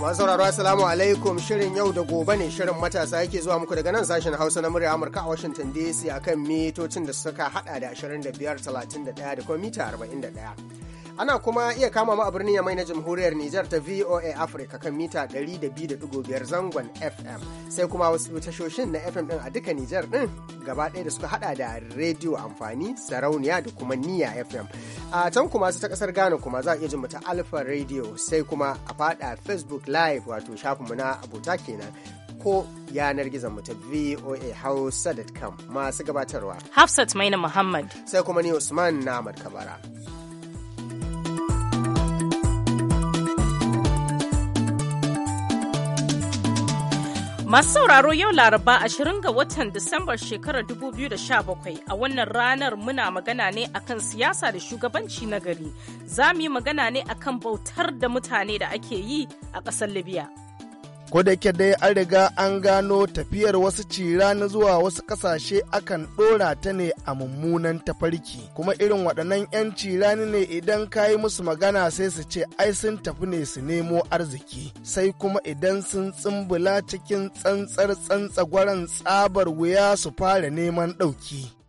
Masu sauraro Assalamu alaikum shirin yau da gobe ne shirin matasa yake zuwa muku daga nan sashen Hausa na murya Amurka a Washington DC akan mitocin da suka hada da 25, 31 da kuma mita 41. Ana kuma iya kama mu a birnin Yamai na Jamhuriyar Nijar ta VOA Africa kan mita 102.5 zangon FM. Sai kuma wasu tashoshin na FM din a duka Nijar din gaba ɗaya da suka hada da rediyo amfani, sarauniya da kuma niya FM. A can kuma su ta kasar Ghana kuma za a iya jin ta Alpha Radio sai kuma a fada Facebook Live wato shafinmu na abota kenan ko yanar gizon mu ta voahausa.com masu gabatarwa. Hafsat Maina Muhammad. Sai kuma ni Usman na Kabara. Masu sauraro yau Laraba 20 ga watan Disambar shekarar 2017 a wannan ranar muna magana ne akan siyasa da shugabanci nagari gari. Za mu yi magana ne akan bautar da mutane da ake yi a ƙasar Libya. Ko da yake dai an riga an gano tafiyar wasu cira na zuwa wasu ƙasashe akan ɗora ta ne a mummunan tafarki. Kuma irin waɗannan 'yan cirani ne idan ka yi musu magana sai su ce ai sun tafi ne su nemo arziki. Sai kuma idan sun tsimbula cikin tsantsar gwaran tsabar wuya su fara neman ɗauki.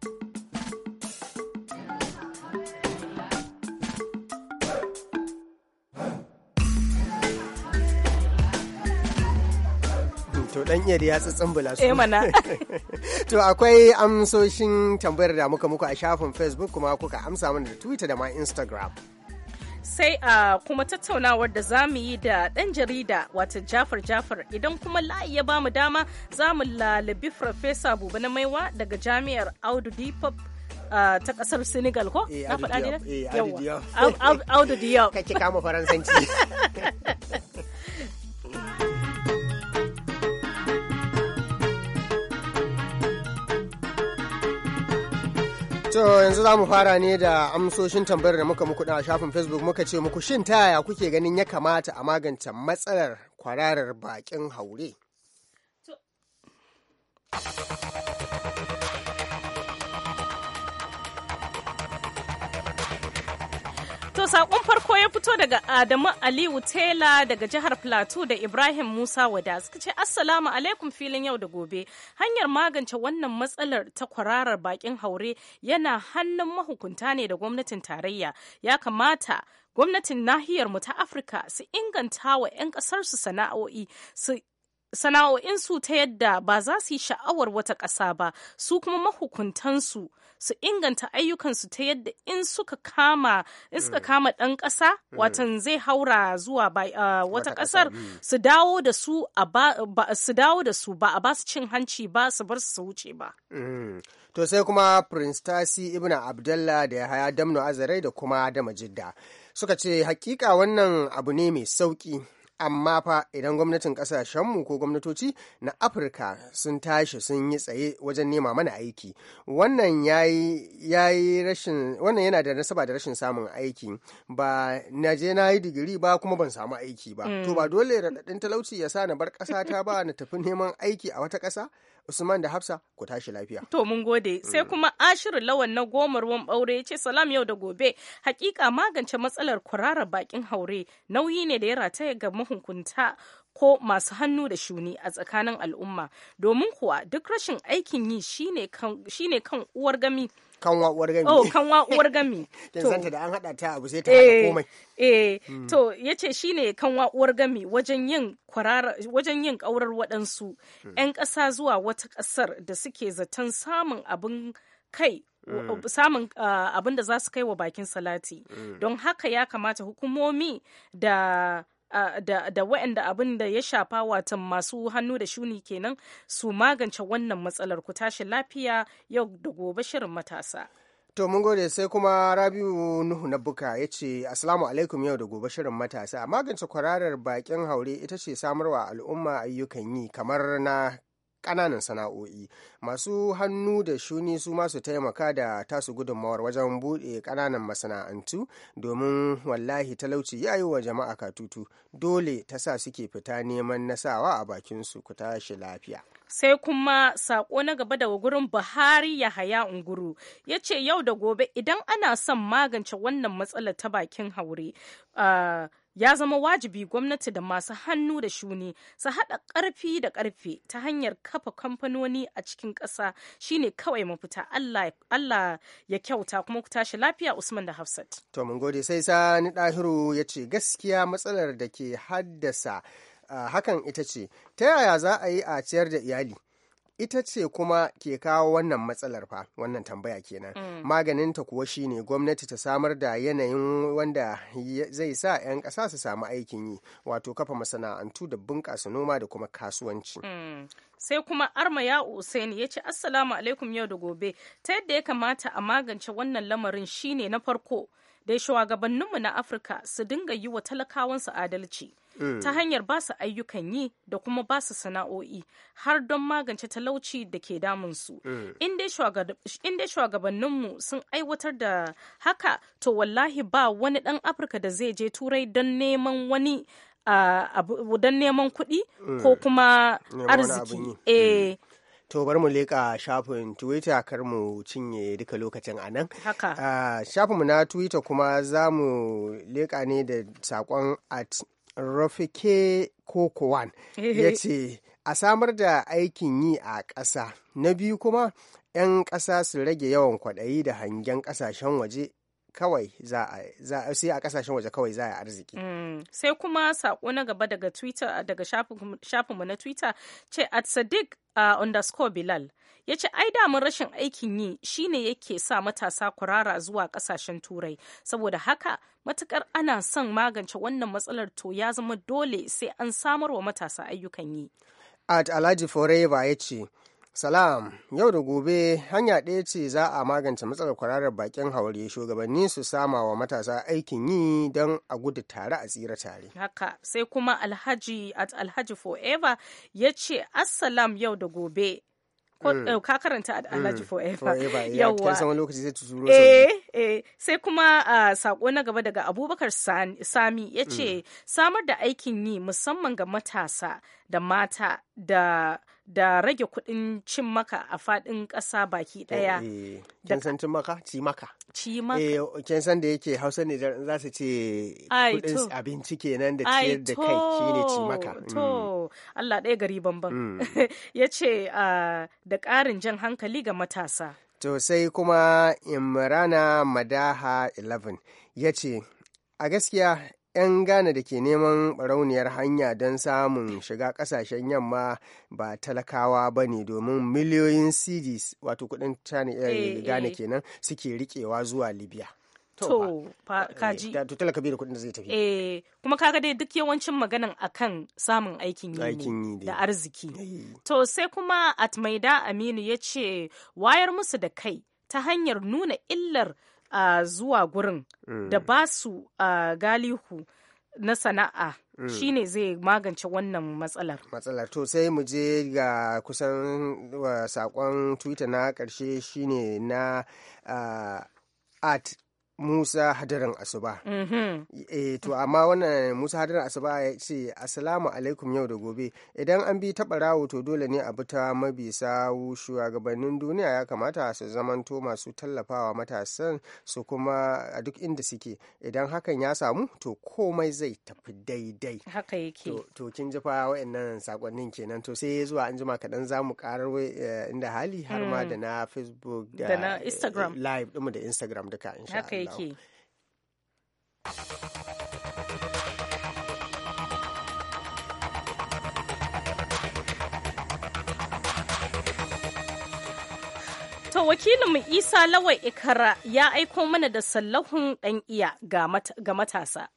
dan yadda ya su. Eh, mana. to akwai amsoshin tambayar da muka muku a shafin Facebook kuma kuka amsa mana da Twitter da ma Instagram. sai a kuma tattaunawar da za mu yi da ɗan jarida wata jafar jafar idan kuma layi ya bamu dama za mu lalabi farfesa buba na maiwa daga jami'ar audu dipop ta kasar senegal ko eh, na faɗa ne eh, audu diop kake kama faransanci To yanzu za mu fara ne da amsoshin tambayar da muka muku a shafin Facebook muka ce muku shin ta yaya kuke ganin ya kamata a magance matsalar kwararar bakin haure? To saƙon farko ya fito daga Adamu Aliyu Tela daga jihar Plateau da Ibrahim Musa Wada suka ce Assalamu alaikum filin yau da gobe. Hanyar magance wannan matsalar ta kwararar bakin haure yana hannun mahukunta ne da gwamnatin tarayya. Ya kamata gwamnatin nahiyar mu ta Afirka su inganta wa 'yan ƙasarsu sana'o'i su sana'o'insu ta yadda ba za su yi sha'awar wata ƙasa ba su kuma mahukuntansu su inganta ayyukansu ta yadda in suka kama in suka mm. kama ɗan ƙasa mm. watan zai haura zuwa uh, wata ƙasar mm. su dawo da su su dawo da su ba a ba su cin hanci ba su bar su wuce ba. To sai kuma Prince Tasi Ibn abdullah da ya haya Damno Azarai da kuma da Jidda. Suka ce hakika wannan abu ne mai sauki amma fa idan gwamnatin kasashenmu ko gwamnatoci na afirka sun tashi sun yi tsaye wajen nema mana aiki wannan yana da nasaba da rashin samun aiki ba na je na yi digiri ba kuma ban samu aiki ba to ba mm. dole raɗaɗin talauci ya sa na bar ƙasa ta ba na tafi neman aiki a wata ƙasa Usman da Hafsa ku tashi lafiya. To mun gode. Sai mm. kuma Ashiru Lawan na goma ruwan ɓaure ya ce salam yau da gobe. Hakika magance matsalar kurara bakin haure nauyi ne da ya rataya ga mahukunta ko masu hannu da shuni a tsakanin al'umma domin kuwa duk rashin aikin yi shine kan uwar gami kanwa uwar gami oh kanwa uwar gami to santa da an hada ta abu sai ta hada eh, komai eh hmm. to yace shine kanwa uwar gami wajen yin kwarara wajen yin kaurar waɗansu 'yan hmm. ƙasa zuwa wata ƙasar da suke zaton samun abin kai Mm. samun uh, abin da za su kai wa bakin salati mm. don haka ya kamata hukumomi da da, da waɗanda abin da ya shafa wata masu hannu da shuni kenan su magance wannan matsalar ku tashi lafiya yau da gobe shirin matasa. To mun gode sai kuma Rabiu Nuhu na Buka ya ce asalamu alaikum yau da gobe shirin matasa magance kwararar bakin haure ita ce samarwa al'umma ayyukan yi kamar na kananan sana'o'i masu hannu da shuni su masu taimaka da tasu gudunmawar wajen buɗe kananan masana'antu domin wallahi talauci ya yi wa jama'a katutu dole ta sa suke fita neman nasawa a bakin su ku tashi lafiya sai kuma sako na gaba daga gurin buhari ya haya unguru ya ce yau da gobe idan ana son magance wannan matsalar ta bakin haure ah, ya zama wajibi gwamnati da masu hannu da shuni su haɗa ƙarfi da ƙarfe ta hanyar kafa kamfanoni a cikin ƙasa shine kawai mafita Allah ya kyauta kuma ku tashi lafiya Usman da Hafsat. To mun gode sai sani ɗahiru ya ce gaskiya matsalar da ke haddasa ah, hakan ita ce ta yaya za a yi a ciyar da iyali. ita ce kuma ke kawo wannan matsalar fa wannan tambaya kenan mm. maganinta kuwa shine gwamnati ta samar da yanayin wanda zai sa 'yan ƙasa su samu aikin yi wato kafa masana'antu da bunƙasa noma da kuma kasuwanci mm. sai kuma arma ya usaini ya ce assalamu alaikum yau da gobe ta yadda ya kamata a magance wannan lamarin shine na farko da shugabanninmu na afirka su dinga yi wa talakawansu adalci ta mm. hanyar ba su ayyukan yi da kuma ba su sana'o'i har don magance talauci da ke su mm. In dai shugabanninmu sun aiwatar da haka to wallahi ba wani ɗan Afirka da zai je turai don neman wani don neman kuɗi ko mm. kuma arziki. Eh. To bar mu leƙa shafin Twitter kar mu cinye duka lokacin a nan. Haka. shafinmu na Twitter kuma za mu leƙa ne da saƙon at rafike kokowan ya ce a samar da aikin yi a ƙasa na biyu kuma 'yan ƙasa su rage yawan kwaɗayi da hangen ƙasashen waje kawai za a sai a kasashen waje kawai za a arziki. Mm. Sai kuma saƙo na gaba daga Twitter daga shafinmu na Twitter ce at Sadiq uh, underscore Bilal ya ce ai mun rashin aikin yi shine yake sa matasa kurara zuwa kasashen turai saboda haka matukar ana son magance wannan matsalar to ya zama dole sai an samar wa matasa ayyukan yi at alhaji forever ya ce salam yau da gobe hanya ɗaya ce za a magance matsalar kwararar bakin haure shugabanni su sama wa matasa aikin yi don a gudu tare a tsira tare haka sai kuma alhaji at alhaji forever ya ce assalam yau da gobe Mm. Eh, ka karanta alhaji mm. forever yawwa lokaci sai tuzuro eh eh sai kuma ah, sako na gaba daga abubakar sami ya ce mm. samar da aikin yi musamman ga matasa da mata da da rage kuɗin cin maka a faɗin ƙasa baki eh, ɗaya. Eh, kin san cin maka? Ci maka. Ci maka. Eh, kin san da yake Hausa ne za su ce kuɗin abinci kenan da ciyar da kai shine ci maka. To, mm. Allah ɗaya gari banban. Mm. Ya ce ah, da ƙarin jan hankali ga matasa. To sai kuma Imrana Madaha 11 ya ce, a gaskiya 'yan Ghana da ke neman barauniyar hanya don samun shiga kasashen yamma ba talakawa ba ne domin miliyoyin cds wato kudin eh, eh, Ghana eh. kenan suke rikewa zuwa Libya. to kaji to talaka da kudin da zai tafi eh kuma kaga dai duk yawancin maganan akan samun aikin yi da arziki to sai kuma at atmaida aminu ya ce wayar musu da kai ta hanyar nuna illar uh, zuwa gurin mm. da ba su uh, galihu na sana'a mm. shine zai magance wannan matsalar. Matsalar to sai mu je ga kusan saƙon Twitter na ƙarshe shine na uh, at Musa Hadarin Asuba. E, to amma wannan Musa Hadarin Asuba ya ce Assalamu alaikum yau da gobe idan an bi taɓa rawo to dole ne a bi ta mabisa shugabannin duniya ya kamata su zamanto masu tallafawa matasan su kuma a duk inda suke idan hakan ya samu to komai zai tafi daidai. Haka yake. To kin ji fa wa'annan sakonnin kenan to sai zuwa an jima kaɗan za mu ƙarar eh, inda hali har ma mm. da na Facebook da, Instagram live ɗinmu da Instagram duka insha Allah. yake. To wakilinmu Isa Lawai Ikara ya aiko mana da sallahun ɗan iya ga matasa.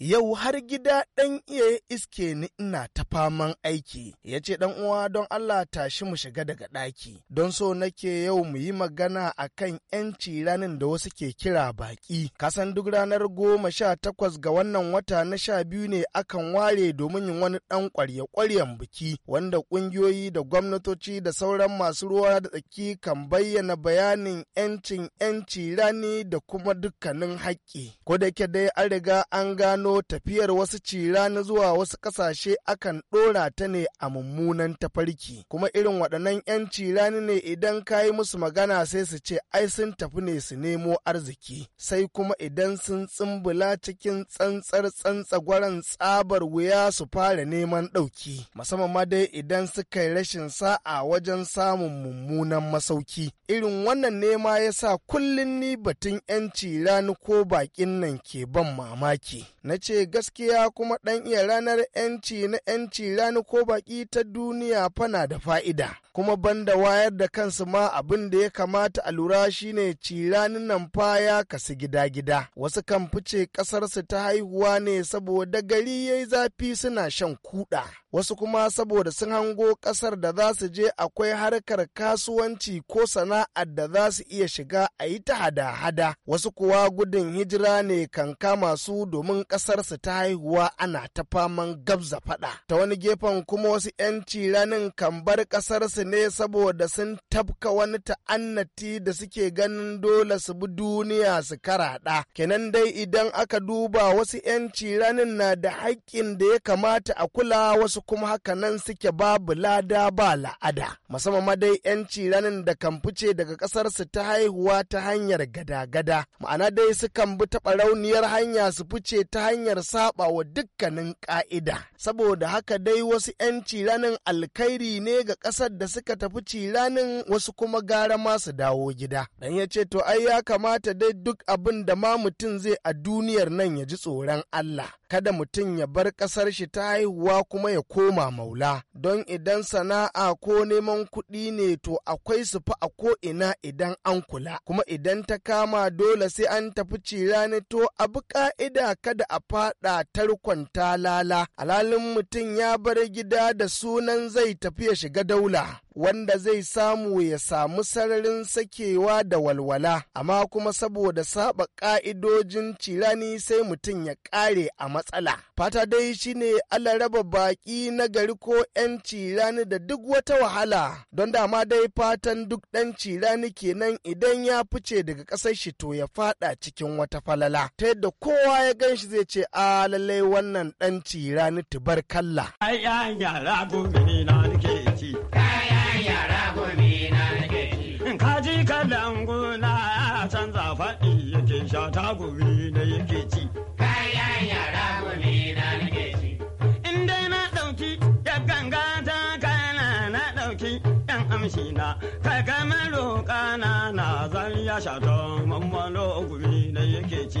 yau har gida ɗan iya iske ni ina ta faman aiki ya ce ɗan uwa don Allah tashi mu shiga daga ɗaki don so nake yau mu yi magana a kan ‘yanci ranin da wasu ke kira baƙi kasan duk ranar goma sha takwas ga wannan wata na sha biyu ne akan ware domin yin wani ɗan ƙwarya ƙwaryan biki wanda ƙungiyoyi da gwamnatoci da sauran masu ruwa da tsaki kan bayyana bayanin ‘yancin ‘yanci rani da kuma dukkanin haƙƙi ko da dai an riga an gano gano tafiyar wasu cira na zuwa wasu ƙasashe akan ɗora ta ne a mummunan tafarki kuma irin waɗannan 'yan cirani ne idan ka yi musu magana sai su ce ai sun tafi ne su nemo arziki sai kuma idan sun tsimbula cikin tsantsar tsantsagwaran tsabar wuya su fara neman ɗauki musamman ma dai idan suka yi rashin sa'a wajen samun mummunan masauki irin wannan nema ya sa kullum ni batun 'yan cirani ko bakin nan ke ban mamaki na ce gaskiya kuma ɗan iya ranar 'yanci na 'yanci rani ko baƙi ta duniya fana da fa'ida. Kuma banda wayar da kansu ma abin da ya kamata a lura shine ciranin nan fa ya kasu gida-gida. Wasu kan fice ƙasarsu ta haihuwa ne saboda gari ya yi zafi suna shan kuɗa. Wasu kuma saboda sun hango ƙasar da za su je akwai harkar kasuwanci ko sana'ar da za su iya shiga a yi ta hada-hada. Wasu kuwa gudun hijira ne kan kama su domin ƙasar ƙasarsu ta haihuwa ana ta faman gabza faɗa. Ta wani gefen kuma wasu yan ciranin kan bar ƙasarsu ne saboda sun tafka wani ta'annati da suke ganin dole su bi duniya su karaɗa. Kenan dai idan aka duba wasu 'yanci ranin na da haƙƙin da ya kamata a kula wasu kuma haka nan suke babu lada ba la'ada. Musamman dai yan ciranin da kan fice daga ƙasarsu ta haihuwa ta hanyar gada-gada. Ma'ana dai su kan bi taɓa rauniyar hanya su fice ta hanyar saba wa dukkanin ka'ida saboda haka dai wasu 'yan ciranin alkhairi ne ga ƙasar da suka tafi ciranin wasu kuma gara masu dawo gida dan ya ce to ai ya kamata dai duk abin da ma mutum zai a duniyar nan ya ji tsoron Allah kada mutum ya bar ƙasar shi ta haihuwa kuma ya koma maula don idan sana'a ko neman kuɗi ne to akwai su fa a ko'ina idan an kula kuma idan ta kama dole sai an tafi cira ni to abu ka'ida kada a faɗa tarkon lala, alhalin mutum ya bar gida da sunan zai tafi ya shiga daula wanda zai samu ya samu sararin sakewa da walwala amma kuma saboda saba ka'idojin cirani sai mutum ya ƙare a matsala fata dai shine Allah raba baƙi na gari ko 'yan cirani da duk wata wahala don dama dai fatan duk ɗan cirani kenan idan ya fice daga ƙasar shi to ya fada cikin wata falala ta yadda kowa ya gan shi zai ce a lallai wannan ɗan cirani kalla Ai, Kalangu na canza faɗi yake sha ta gumi da yake ci. Kayan yara gumi na nake ci. In dai na ɗauki ya ganga ta kana na ɗauki ɗan amshi na kaga maro kana na zan ya sha ta mammalo da yake ci.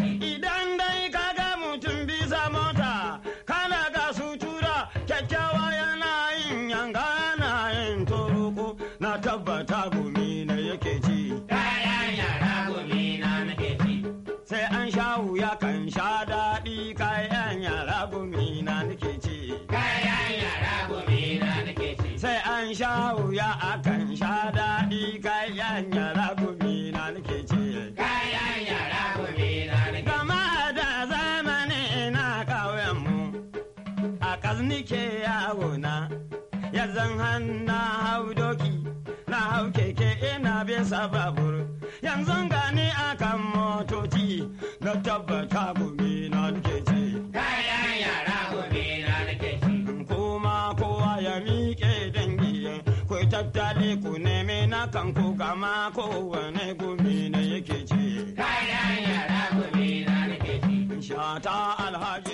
bisa babur yanzu gani akan motoci na tabbata gumi na nake ci kayan yara gumi na nake ci kuma kowa ya miƙe dangi ku tattale ku neme na kanku kama kowane gumi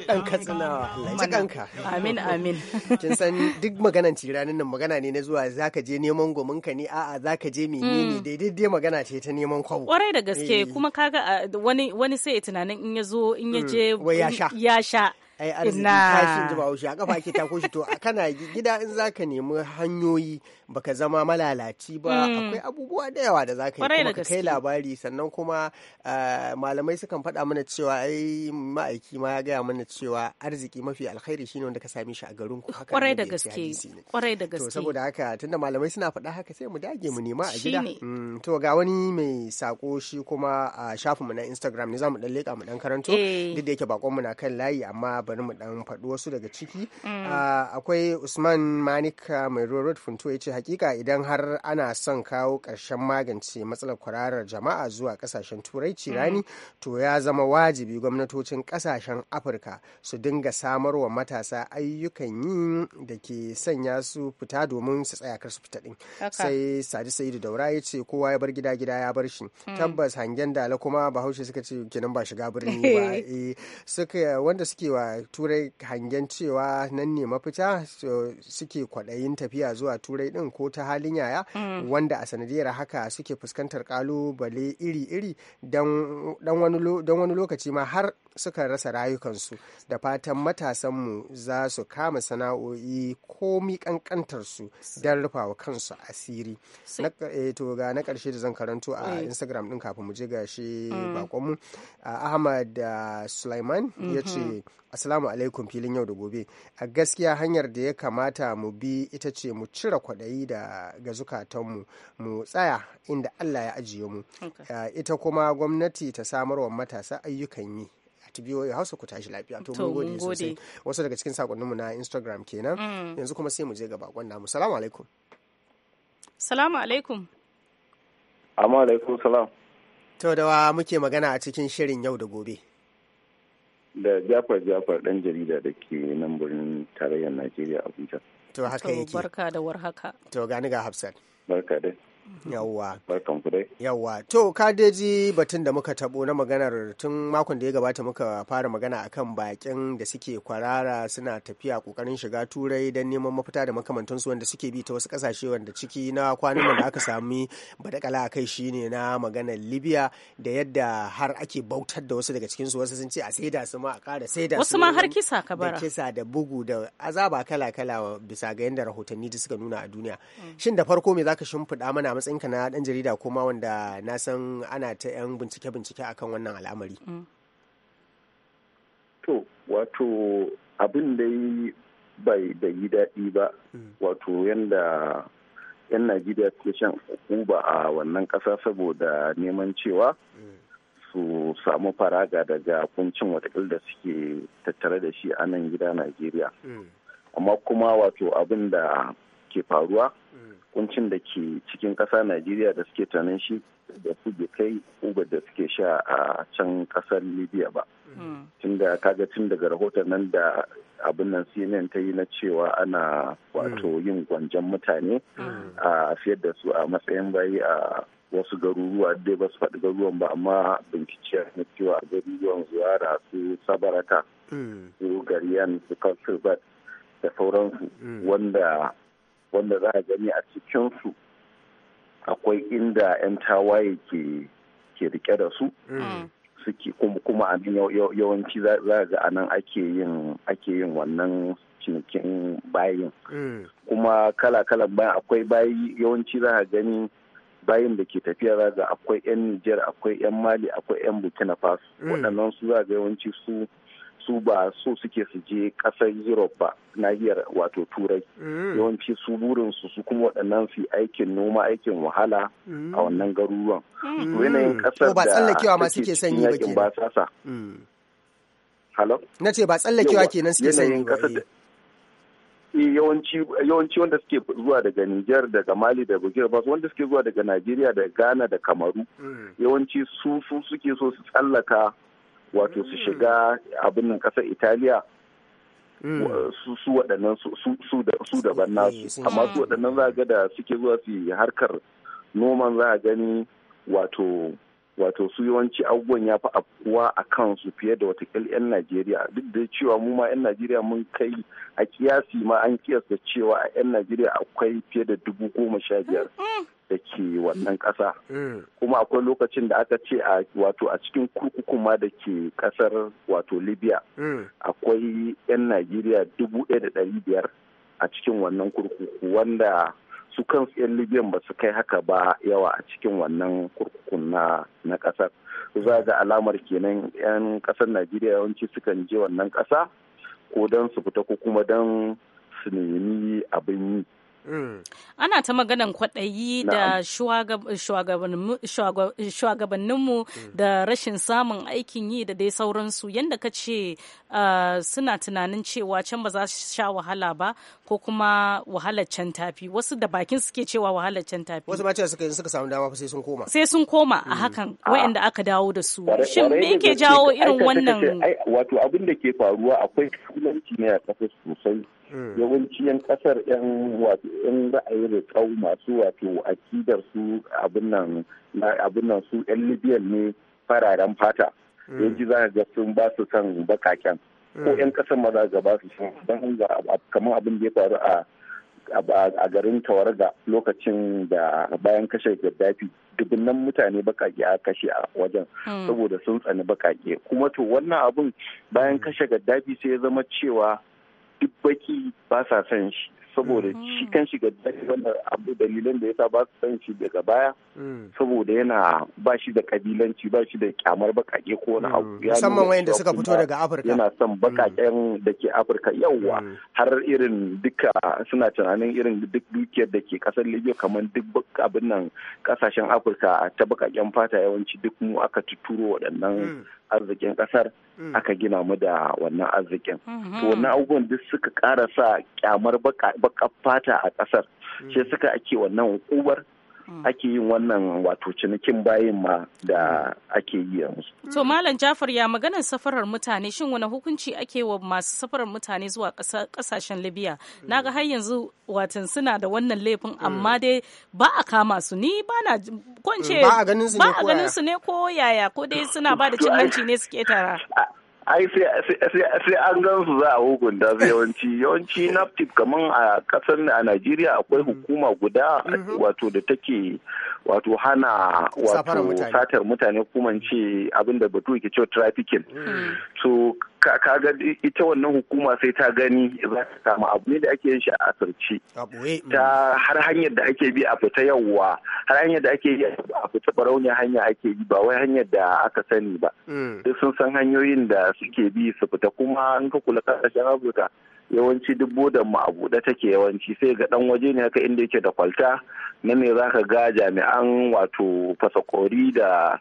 dan katsina Allah ji kanka amin amin kin san duk maganan tiranin nan magana ne na zuwa zaka je neman gomin ka ne a'a zaka je menene hmm. daidai dai magana ce ta neman kwabo kwarai da gaske eh. kuma kaga ah, wani wani sai tunanin in ya zo in ya hmm. je ya sha ai arziki kashin ji a kafa ake tako shi to kana gida in zaka nemi hanyoyi baka zama malalaci ba hmm. akwai abubuwa da yawa da zaka yi kuma kai labari sannan kuma eh, malamai sukan faɗa mana cewa ai ma'aiki ma ya gaya mana cewa arziki mafi alkhairi shine wanda ka same shi a garin ku haka kwarai da gaske kwarai da gaske to saboda haka tunda malamai suna faɗa haka sai mu dage mu nema a gida mm, to ga wani mai sako shi kuma a shafinmu na Instagram ne zamu dan leka mu dan karanto eh. duk da yake bakon mu na kan layi amma bari mu dan faɗi wasu daga ciki mm. ah, akwai Usman Manika ah, mai Road Funto yace hakika idan har ana son kawo ƙarshen magance matsalar kwararar jama'a zuwa ƙasashen turai cirani mm-hmm. to ya zama wajibi gwamnatocin ƙasashen afirka su dinga samarwa matasa ayyukan yi da ke sanya su fita domin su tsaya kar su fita din sai sadi sa'idu daura ya ce kowa ya bar gida gida ya bar shi mm. tabbas hangen dala kuma bahaushe suka ce kenan ba shiga birni ba eh, suka wanda suke wa turai hangen cewa nan ne mafita suke kwaɗayin tafiya zuwa turai din halin ko ta halin yaya mm. wanda a sanadiyar haka suke fuskantar kalubale iri-iri don wani lokaci ma har suka rasa rayukansu da fatan matasanmu za su kama sana'o'i komi kankantarsu don wa kansu asiri eh, to ga na karshe da zan karanto a instagram ɗin kafin mu je ga shi mm. bakonmu ahmad sulaiman ya mm-hmm. ce asalamu alaikum filin yau da gobe a gaskiya hanyar da ya kamata mu bi ita ce mu cire kwaɗayi da ga zukatanmu mu tsaya inda allah ya ajiye mu ita kuma gwamnati ta samarwa matasa ayyukan yi ta biyo ya hausa ku tashi lafiya to mun gode sosai wasu daga cikin sakonninmu na instagram kenan mm. yanzu kuma sai mu je ga bakon namu salamu alaikum salamu alaikum amma alaikum salam to da wa muke magana a cikin shirin yau da gobe da jafar jafar dan jarida da ke nan birnin tarayyar najeriya abuja to haka yake barka da warhaka to gani ga hafsat barka dai yawwa yawwa to kadeji batun da muka tabo na maganar tun makon da ya gabata muka fara magana akan bakin da suke kwarara suna tafiya kokarin shiga turai don neman mafita da makamantansu wanda suke bi ta wasu kasashe wanda ciki na kwanan da aka sami badakala a kai shine na maganar libya da yadda har ake bautar da wasu daga cikin su wasu sun ce a saida su ma a kara saida su wasu ma har kisa ka bara da kisa da bugu da azaba kala kala bisa ga yadda rahotanni da suka nuna a duniya mm. shin da farko me zaka shimfiɗa mana matsayinka na dan jarida ko ma wanda na san ana ta 'yan bincike-bincike akan wannan al'amari. Mm. To, wato abin da yi bai da yi daɗi ba, mm. wato yanda 'yan Najeriya ke shan uba a wannan ƙasa saboda neman cewa mm. su samu faraga daga kuncin watakil da suke tattare da shi a nan gida Najeriya. Amma kuma wato abin da ke faruwa kuncin da ke cikin ƙasa najeriya da suke tunanin shi da su bai kai uba da suke sha a can ƙasar libya ba hmm. tun da kaga tun daga rahoton nan da abin nan cnn ta yi na cewa ana wato hmm. yin gwanjan mutane hmm. a siyar da su a matsayin bayi a wasu garuruwa dai ba su faɗi garuruwan ba amma bincike na cewa garuruwan da su sabaraka su gariyan su kan da sauransu wanda wanda za a gani a cikinsu akwai inda 'yan tawaye ke ke rike da su mm. suke kuma a yawanci za ga a ake yin ake yin wannan cinikin bayin mm. kuma kala kala bayan akwai bayi yawanci za a gani bayin da ke tafiya za ga akwai 'yan Nijar akwai 'yan Mali akwai 'yan Burkina Faso mm. waɗannan su za ga yawanci su su ba so suke su je kasar europe ba nahiyar wato turai mm. yawanci su burinsu su kuma waɗannan su aikin noma aikin wahala mm. a wannan garuruwan mm. to yanayin kasar da tsallakewa ma suke sanyi ba ke ba sasa halo na ce ba tsallakewa kenan suke sanyi ba eh. Eh, yawanci wanda suke zuwa daga niger daga Mali da Burkina Faso wanda suke zuwa daga Najeriya da Ghana da Kamaru yawanci su suke so su tsallaka wato su mm. shiga abin nan kasar italiya mm. su waɗannan su daban nasu amma su waɗannan za ga da suke zuwa su harkar noman za a gani wato wato su yawanci abubuwan ya fi afkuwa a kansu fiye da wata 'yan najeriya duk da cewa mu ma 'yan najeriya mun kai a kiyasi ma an kiyasta cewa a 'yan najeriya akwai fiye da dubu goma sha biyar mm. da ke wannan kasa mm. Kuma akwai lokacin da aka ce a wato a cikin kurkuku ma da ke kasar wato Libya. Mm. Akwai 'yan Najeriya dubu da ɗari biyar a cikin wannan kurkuku wanda su kan 'yan Libyan ba su kai haka ba yawa a cikin wannan kurkukun na na kasar Za ga alamar kenan 'yan kasar Najeriya yawanci sukan je wannan ƙasa ko don su fita ko kuma don su nemi abin yi. Mm. Ana ta maganan kwaɗayi da shugabanninmu mm. da rashin samun aikin yi da dai sauransu yadda ka ce ah, suna tunanin cewa can ba za su sha wahala ba ko kuma wahalar can tafi wasu da bakin suke cewa wahalar can tafi. Wasu ce cewa suka suka samu dama sai sun koma. Sai sun koma a mm. hakan wayanda aka dawo da su. Shin me yake jawo irin wannan? Wato abin da ke faruwa akwai ne a sosai. Mm. yawanci yan kasar yan wato yan ra'ayi rikau masu wato akidar su abin nan su yan libyan ne fararen fata ji mm. za ga sun ba su kan bakaken ko mm. yan kasar maza ga ba su don kamar abin da ya faru a a garin tawarga lokacin da bayan kashe gaddafi dubunan mutane bakaki a kashe a wajen saboda sun tsani bakake kuma to wannan abun bayan kashe gaddafi sai ya zama cewa duk baki ba sa son shi saboda mm. shi kan shi ga wannan abu dalilan da sa ba su san shi daga baya mm. saboda yana ba shi da kabilanci ba shi da kyamar bakake ko wani abu mm. musamman wayanda suka fito daga Afirka yana son bakaken da ke Afirka yawwa har irin duka suna tunanin irin duk dukiyar da ke kasar Libya kamar duk abin nan kasashen Afirka ta bakaken fata yawanci duk mu aka tuturo waɗannan arzikin kasar mm. aka gina mu da wannan arzikin mm-hmm. to wannan abubuwan duk suka ƙara sa kyamar baka fata a ƙasar, mm. sai suka ake wannan hukumar Mm. ake yin wannan wato cinikin bayin ma da ake yi yanzu. Mm. To Malam Jafar ya maganar safarar mutane shin wani hukunci ake wa masu safarar mutane zuwa kasashen Libya? Mm. Na ga har yanzu watan suna da wannan laifin amma dai ba a kama su ni ba na ko ba a ganin su ne ko yaya ko dai suna ba da cin hanci ne suke tara. ai sai an gan su za a hukunta sai yawanci yawanci naftif kamar a kasar a najeriya akwai hukuma guda mm-hmm. wato da take wato hana wato satar mutane kumance abinda batu ke cewa trafficking mm. so kaga ita wannan hukuma sai ta gani za ta kama abu ne da ake yin shi a asirci mm. ta har hanyar da ake bi a fita yawwa har hanyar da ake yi a fita barauniya hanya ake yi ba wai hanyar da aka sani ba mm. duk sun san hanyoyin da suke bi su fita kuma an ka kula kasashen afirka yawanci duk bodan mu a buɗe take yawanci sai ga dan waje ne haka inda yake da kwalta na ne ka ga jami'an wato fasakori da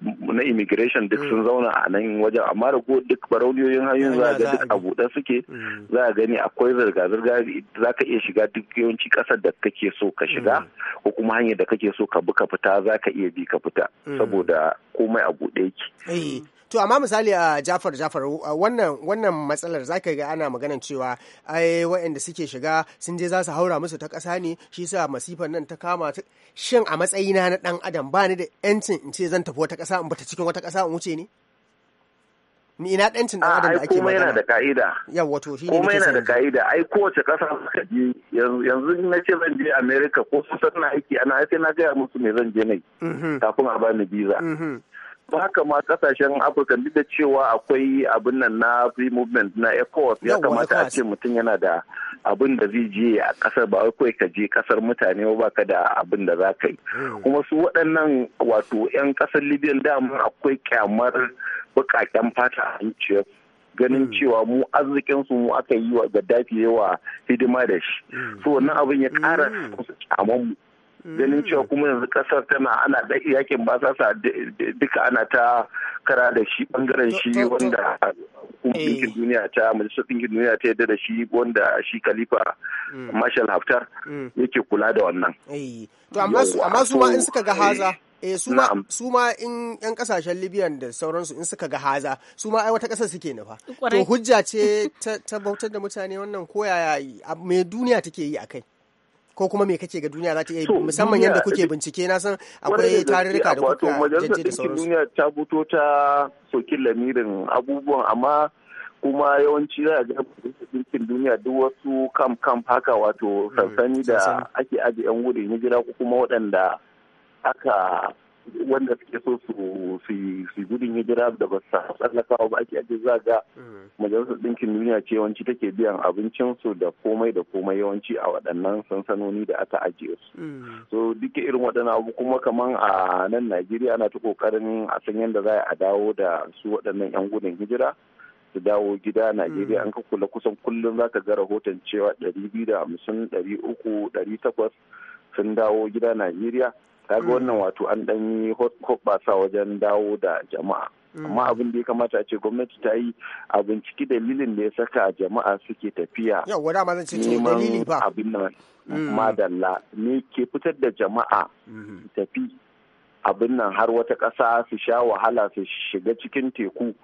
na immigration duk sun mm. zauna a nan wajen amma da ko duk barauniyoyin hanyoyin za ga duk a buɗe suke mm. za a gani akwai zirga-zirga za ka iya shiga duk yawanci ƙasar da kake so ka shiga mm. ko kuma hanyar da kake so ka bi ka fita za ka iya bi ka fita saboda komai a buɗe yake. to amma misali a ah, jafar jafar ah, wannan wannan matsalar zaka ga ana maganan cewa ai waɗanda suke shiga sun je za su haura musu ta ƙasa ne shi sa masifan nan ta kama shin a matsayina na ɗan adam ba ni da ƴancin in ce zan tafi wata ƙasa in bata cikin wata ƙasa in wuce ne ni ina ɗancin ɗan adam da ake magana yana da ka'ida yawa to shi ne yana da ka'ida ai kowace ƙasa suka je yanzu na ce zan je america ko su na aiki ana aiki na gaya musu me zan je ne mhm. kafin a bani biza ba haka ma kasashen afirka duk da cewa akwai abin nan na free movement na ecowas ya kamata a ce mutum yana da abin da zai je a kasar ba wai kawai ka je kasar mutane ba ka da abin da za ka yi hmm. kuma su waɗannan wato 'yan kasar libyan dama akwai kyamar bukaken fata a zuciyar ganin hmm. cewa mu arzikin su mu aka yi wa gaddafi yawa hidima da shi hmm. so wannan abin ya kara su kyaman mu ganin cewa kuma yanzu kasar tana ana da yakin ba sa duka ana ta kara da shi bangaren shi wanda eh. ɗinkin duniya ta majalisar ɗinkin duniya ta yadda da shi wanda shi khalifa mm. marshal haftar mm. yake kula da wannan eh. to amma su ma in suka ga haza eh, eh su ma in yan kasashen libyan da sauransu in suka ga haza su ma ai wata kasar suke nufa to hujja ce ta bautar da mutane wannan koyaya me duniya take yi akai ko kuma me kake ga duniya za ta iya yi musamman yadda kuke bincike na san akwai tarurruka da kuka jajje da sauransu duniya ta fito ta soki lamirin abubuwan amma kuma yawanci za a ga dinkin duniya duk wasu kam kam haka wato hmm, sansani da ake ajiye yan gudun hijira ko kuma waɗanda aka wanda suke so su su gudun hijira da ba su tsallakawa ba ake ake za ga mm. majalisar ɗinkin duniya ce yawanci take biyan abincin su da komai da komai yawanci a waɗannan sansanoni da aka ajiye su mm. so duka irin waɗannan abu kuma kaman a nan najeriya ana ta kokarin a san yadda za a dawo da su waɗannan 'yan gudun hijira su dawo gida Najeriya mm. an ka kula kusan kullum za ka ga rahoton cewa 250, 300, 800 sun dawo gida Najeriya. kaga mm. wannan wato an dan yi hoɓɓasa wajen dawo da jama'a mm. amma abin da ya kamata a ce gwamnati ta yi a binciki dalilin da ya saka jama'a suke tafiya neman abin nan mm. madalla ne ke fitar da jama'a mm-hmm. tafi abin nan har wata ƙasa su sha wahala su shiga cikin teku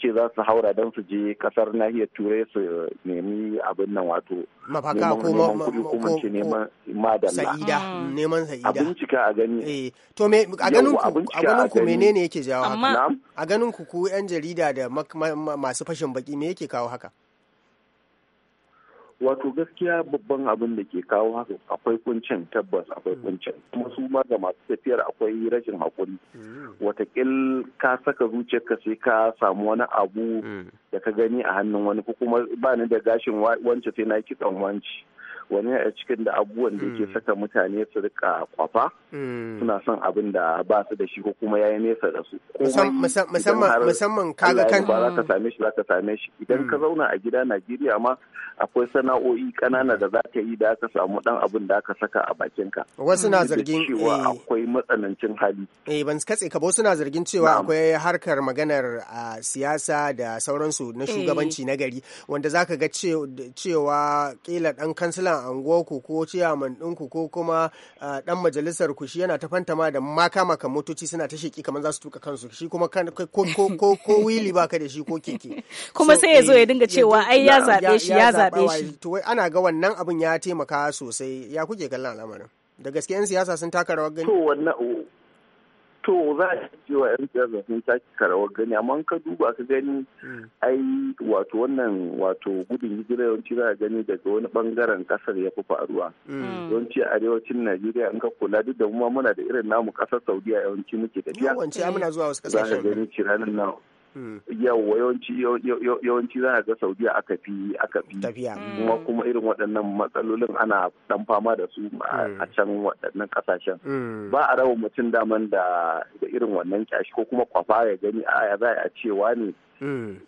ce za su haura don su je kasar nahiyar turai su nemi abin nan wato mafaka ko kuma neman madalla mm. neman sa'ida a a gani eh, to me a ganin ku a ganin ku menene yake jawo haka a ganin ku ku yan jarida da masu fashin baki me yake kawo haka wato gaskiya babban abin da ke kawo haka akwai kuncin tabbas akwai mm. kuncin kuma su ma ga masu tafiyar akwai rashin hakuri mm. watakil ka saka zuciyarka sai ka samu wani abu mm. da ka gani a hannun wani ko kuma ba ni da gashin wance sai na kitson wanci wani a cikin da abubuwan da ke hmm. saka mutane su rika kwafa hmm. suna son abin da ba su da shi ko kuma yi nesa da su musamman kaga kan ka idan ka hmm. zauna a gida Najeriya ma akwai sana'o'i kanana da za ka yi da aka samu dan abin da aka saka a bakin ka wasu na zargin cewa eh. akwai matsanancin hali eh ban katse ka ba suna zargin cewa akwai harkar maganar siyasa da sauransu na eh. shugabanci na gari wanda zaka ga cewa kila dan kansila gwamnan anguwarku ko ciyaman ɗinku ko kuma ɗan majalisar ku shi yana ta fantama da maka maka motoci suna ta sheki kamar za su tuka kansu shi kuma ko wili baka da shi ko keke kuma sai ya zo ya eh, dinga cewa ai ya zaɓe shi ya zaɓe shi to wai ana ga wannan abin ya taimaka sosai ya kuke kallon al'amarin da gaske 'yan siyasa sun taka rawar gani to to za a cewa yan siyasa sun taki karawar gani amma ka duba ka gani hmm. ai wato wannan wato gudun hijira yawanci za a gani daga wani bangaren kasar ya fi faruwa hmm. Hmm. yawanci arewacin najeriya an ka kula duk da mu muna da irin namu kasar saudiya yawanci muke tafiya yawanci amina zuwa wasu kasashen gani ciranin nawa yawanci za a ga saudiya aka fi aka fi mm. kuma kuma irin waɗannan matsalolin ana dan fama da su a mm. can waɗannan ƙasashen mm. ba a rawa mutum daman da irin wannan kyashi ko kuma kwafa ya gani a za a cewa ne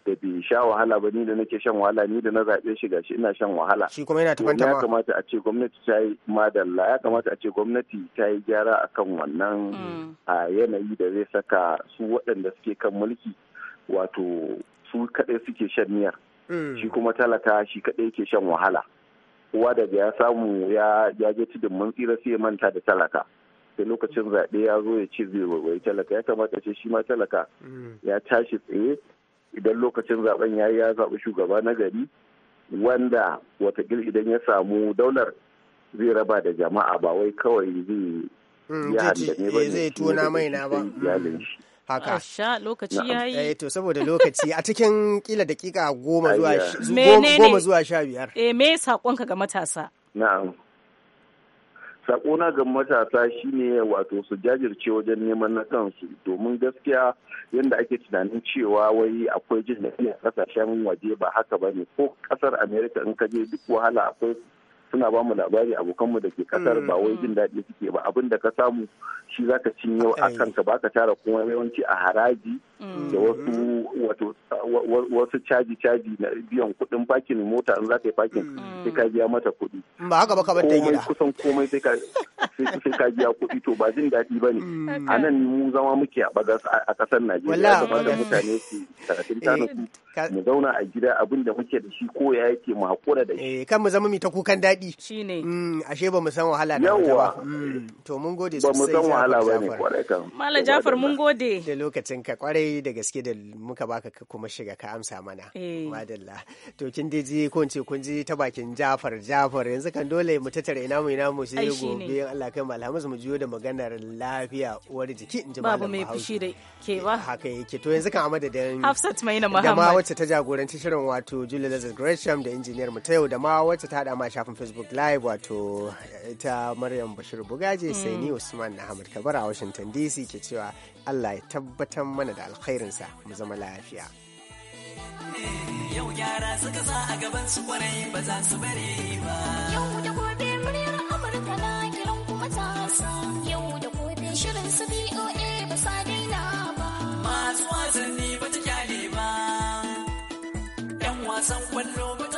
da bai sha wahala ba ni da nake shan wahala ni da na zaɓe shi gashi ina shan wahala shi kuma yana tafanta ya kamata a ce gwamnati ta yi madalla ya kamata a ce gwamnati ta yi gyara akan wannan a yanayi da zai saka su waɗanda suke kan mulki wato su kaɗai suke shan miyar mm. shi kuma talaka shi kaɗai yake shan wahala kowa daga ya samu ya ya je tudun mun tsira sai manta da talaka sai lokacin zaɓe ya zo ya ce zai waiwayi talaka ya kamata ce shi ma talaka mm. ya tashi tsaye idan lokacin zaɓen ya yi ya zaɓi shugaba na gari wanda watakil idan ya samu daular zai raba da jama'a ba wai kawai zai mm, ya ne ba eh, ne zai tona mai na ba haka sha lokaci yayi eh to saboda lokaci a cikin kila dakika goma zuwa goma zuwa sha biyar eh me sakonka ga matasa na'am sakona ga matasa shine wato su jajirce wajen neman na kansu domin gaskiya yadda ake tunanin cewa wai akwai jin da a kasashen waje ba haka ba ne ko kasar america in ka je duk wahala akwai suna ba mu labari abokanmu da ke kasar mm. ba wai jin daɗi suke ba abin da ka samu shi za ka cinye a kanka ba ka tara kuma yawanci a haraji da mm. wasu wato wasu caji caji na biyan kuɗin fakin mota in za ka yi fakin mm. sai ka biya mata kuɗi ba haka ba ka bar gida kusan komai sai ka sai ka biya kuɗi to ba jin daɗi ba ne mm. a nan mu zama muke a bagas a ƙasar Najeriya da da mutane su karatun eh, tanu mu zauna a gida abin da muke da shi ko ya yake mu hakura da shi eh, kan mu zama mu ta kukan daɗi shine ashe ba mu san wahala da ba to mun gode sosai wahala ba ne kwarai kan. Malam Jafar mun gode. Da lokacin ka kwarai da gaske da muka baka ka kuma shiga ka amsa mana. Eh. Madalla. To kin dai ji ko ce kun ji ta bakin Jafar Jafar yanzu kan dole mu tattara ina mu ina mu sai gobe Allah kai malhamis mu jiyo da maganar lafiya uwar jiki in ji Babu mai fushi da ke ba. Eh, haka yake to yanzu kan amada da Hafsat Maina Muhammad. Da ma wacce ta jagoranci shirin wato Julia Lazarus Gresham da injiniyar mu ta yau da ma wacce ta hada ma shafin Facebook Live wato ta Maryam Bashir Bugaje sai ni mm. Usman Ahmad Kabir a Washington DC ke cewa Allah ya tabbatar mana da alkhairinsa mu zama lafiya. Yau gyara suka sa a gaban su kwarai ba za su bari ba. Yau da gobe muryar Amurka na kiran kuma ta Yau da gobe shirin su BOA ba sa daina ba. Masu wasanni ba ta kyale ba. 'Yan wasan kwallo ba